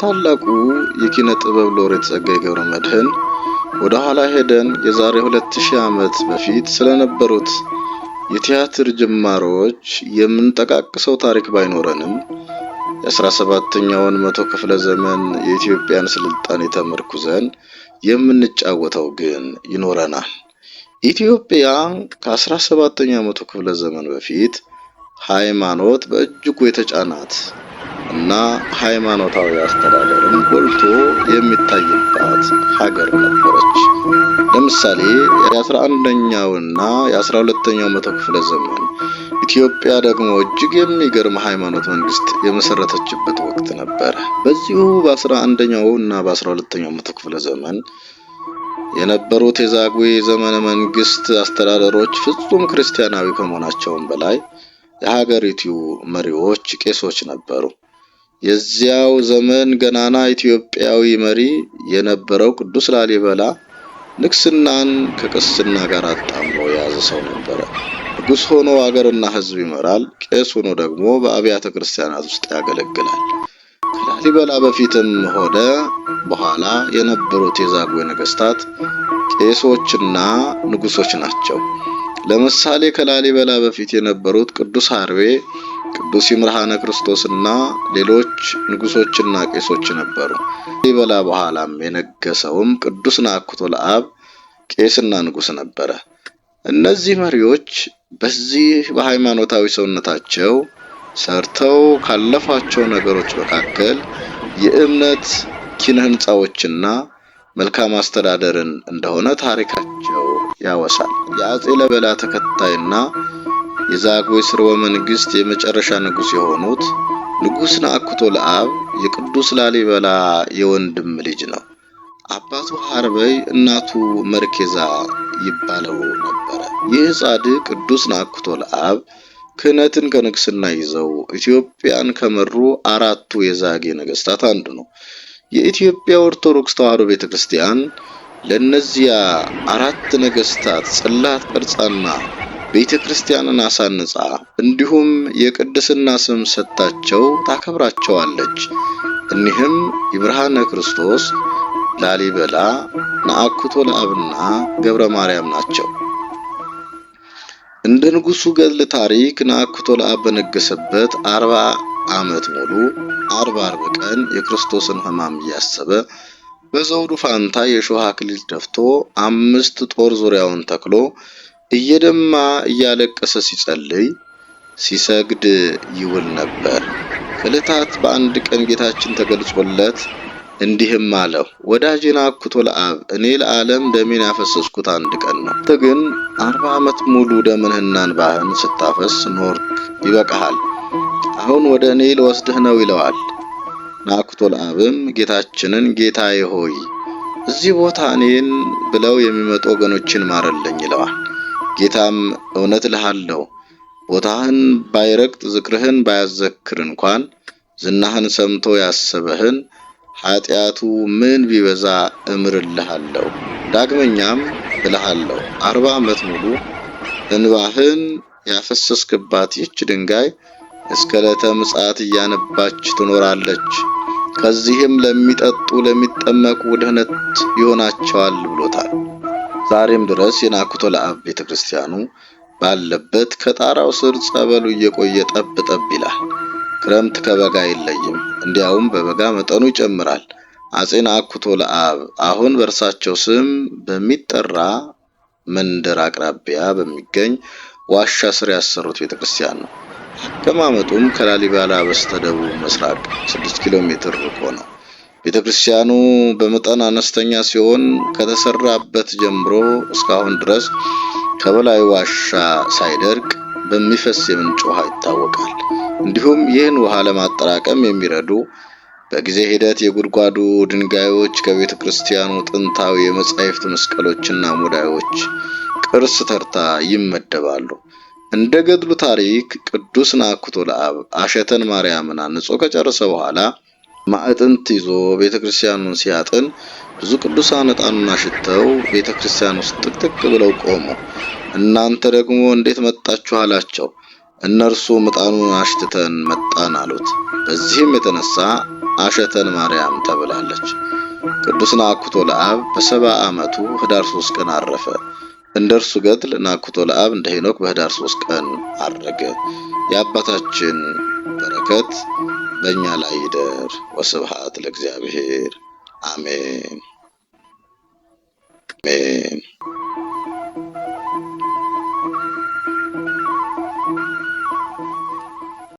ታላቁ የኪነ ጥበብ ሎሬት ጸጋዬ ገብረ መድኅን ወደ ኋላ ሄደን የዛሬ 2000 ዓመት በፊት ስለነበሩት የቲያትር ጅማሮዎች የምንጠቃቅሰው ታሪክ ባይኖረንም የ17ኛውን መቶ ክፍለ ዘመን የኢትዮጵያን ስልጣኔ ተመርኩዘን የምንጫወተው ግን ይኖረናል። ኢትዮጵያ ከ17ኛው መቶ ክፍለ ዘመን በፊት ሃይማኖት በእጅጉ የተጫናት እና ሃይማኖታዊ አስተዳደርም ጎልቶ የሚታይባት ሀገር ነበረች። ለምሳሌ የአስራ አንደኛውና የአስራ ሁለተኛው መቶ ክፍለ ዘመን ኢትዮጵያ ደግሞ እጅግ የሚገርም ሃይማኖት መንግስት የመሰረተችበት ወቅት ነበረ። በዚሁ በአስራ አንደኛው እና በአስራ ሁለተኛው መቶ ክፍለ ዘመን የነበሩት የዛጉዌ ዘመነ መንግስት አስተዳደሮች ፍጹም ክርስቲያናዊ ከመሆናቸውም በላይ የሀገሪቱ መሪዎች ቄሶች ነበሩ። የዚያው ዘመን ገናና ኢትዮጵያዊ መሪ የነበረው ቅዱስ ላሊበላ ንግስናን ከቅስና ጋር አጣምሮ የያዘ ሰው ነበረ። ንጉስ ሆኖ አገርና ሕዝብ ይመራል። ቄስ ሆኖ ደግሞ በአብያተ ክርስቲያናት ውስጥ ያገለግላል። ከላሊበላ በፊትም ሆነ በኋላ የነበሩት የዛጉ ነገስታት ቄሶችና ንጉሶች ናቸው። ለምሳሌ ከላሊበላ በፊት የነበሩት ቅዱስ አርቤ። ቅዱስ ይምርሃነ ክርስቶስና ሌሎች ንጉሶችና ቄሶች ነበሩ። ይበላ በኋላም የነገሰውም ቅዱስ ናኩቶ ለአብ ቄስና ንጉስ ነበረ። እነዚህ መሪዎች በዚህ በሃይማኖታዊ ሰውነታቸው ሰርተው ካለፏቸው ነገሮች መካከል የእምነት ኪነ ህንፃዎችና መልካም አስተዳደርን እንደሆነ ታሪካቸው ያወሳል። የአፄ ለበላ ተከታይና የዛግዌ ስርወ መንግስት የመጨረሻ ንጉስ የሆኑት ንጉስ ነአኩቶ ለአብ የቅዱስ ላሊበላ የወንድም ልጅ ነው። አባቱ ሐርበይ እናቱ መርኬዛ ይባለው ነበረ። ይህ ጻድቅ ቅዱስ ነአኩቶ ለአብ ክህነትን ከንግስና ይዘው ኢትዮጵያን ከመሩ አራቱ የዛጌ ነገስታት አንዱ ነው። የኢትዮጵያ ኦርቶዶክስ ተዋህዶ ቤተ ክርስቲያን ለእነዚያ አራት ነገስታት ጽላት ቅርጻና ቤተ ክርስቲያንን አሳንጻ እንዲሁም የቅድስና ስም ሰጥታቸው ታከብራቸዋለች። እኒህም የብርሃነ ክርስቶስ፣ ላሊበላ፣ ነአኩቶ ለአብና ገብረ ማርያም ናቸው። እንደ ንጉሱ ገድል ታሪክ ነአኩቶ ለአብ በነገሰበት አርባ ዓመት ሙሉ አርባ አርብ ቀን የክርስቶስን ሕማም እያሰበ በዘውዱ ፋንታ የሾህ አክሊል ደፍቶ አምስት ጦር ዙሪያውን ተክሎ እየደማ እያለቀሰ ሲጸልይ ሲሰግድ ይውል ነበር። ከዕለታት በአንድ ቀን ጌታችን ተገልጾለት እንዲህም አለው፣ ወዳጄን አኩቶ ለአብ እኔ ለዓለም ደሜን ያፈሰስኩት አንድ ቀን ነው። አንተ ግን አርባ ዓመት ሙሉ ደምህንና እንባህን ስታፈስ ኖርክ፣ ይበቃሃል። አሁን ወደ እኔ ልወስድህ ነው ይለዋል። ናኩቶ ለአብም ጌታችንን ጌታዬ ሆይ እዚህ ቦታ እኔን ብለው የሚመጡ ወገኖችን ማረልኝ ይለዋል። ጌታም እውነት እልሃለሁ ቦታህን ባይረግጥ ዝክርህን ባያዘክር እንኳን ዝናህን ሰምቶ ያሰበህን ኃጢአቱ ምን ቢበዛ እምርልሃለሁ። ዳግመኛም እልሃለሁ አርባ ዓመት ሙሉ እንባህን ያፈሰስክባት ይች ድንጋይ እስከ ዕለተ ምጽአት እያነባች ትኖራለች። ከዚህም ለሚጠጡ ለሚጠመቁ ድኅነት ይሆናቸዋል ብሎታል። ዛሬም ድረስ የናኩቶ ለአብ ቤተ ክርስቲያኑ ባለበት ከጣራው ስር ጸበሉ እየቆየ ጠብ ጠብ ይላል። ክረምት ከበጋ አይለይም፣ እንዲያውም በበጋ መጠኑ ይጨምራል። አፄ ናኩቶ ለአብ አሁን በእርሳቸው ስም በሚጠራ መንደር አቅራቢያ በሚገኝ ዋሻ ስር ያሰሩት ቤተ ክርስቲያን ነው። ከማመጡም ከላሊበላ በስተደቡብ ምስራቅ 6 ኪሎ ሜትር ርቆ ነው። ቤተ ክርስቲያኑ በመጠን አነስተኛ ሲሆን ከተሰራበት ጀምሮ እስካሁን ድረስ ከበላይ ዋሻ ሳይደርቅ በሚፈስ የምንጭ ውሃ ይታወቃል። እንዲሁም ይህን ውሃ ለማጠራቀም የሚረዱ በጊዜ ሂደት የጉድጓዱ ድንጋዮች ከቤተ ክርስቲያኑ ጥንታዊ የመጻሕፍት መስቀሎችና ሙዳዮች ቅርስ ተርታ ይመደባሉ። እንደ ገድሉ ታሪክ ቅዱስ ናኩቶ ለአብ አሸተን ማርያምን አንጾ ከጨረሰ በኋላ ማዕጥንት ይዞ ቤተክርስቲያኑን ሲያጥን ብዙ ቅዱሳን እጣኑን አሽተው ቤተክርስቲያን ውስጥ ጥቅጥቅ ብለው ቆሙ። እናንተ ደግሞ እንዴት መጣችሁ አላቸው። እነርሱም እጣኑን አሽትተን መጣን አሉት። በዚህም የተነሳ አሸተን ማርያም ተብላለች። ቅዱስ ናኩቶ ለአብ በሰባ ዓመቱ ህዳር ሶስት ቀን አረፈ። እንደ እርሱ ገድል ናኩቶ ለአብ እንደ ሄኖክ በህዳር ሶስት ቀን አረገ። የአባታችን በረከት በእኛ ላይ ይደር። ወስብሐት ለእግዚአብሔር። አሜን አሜን።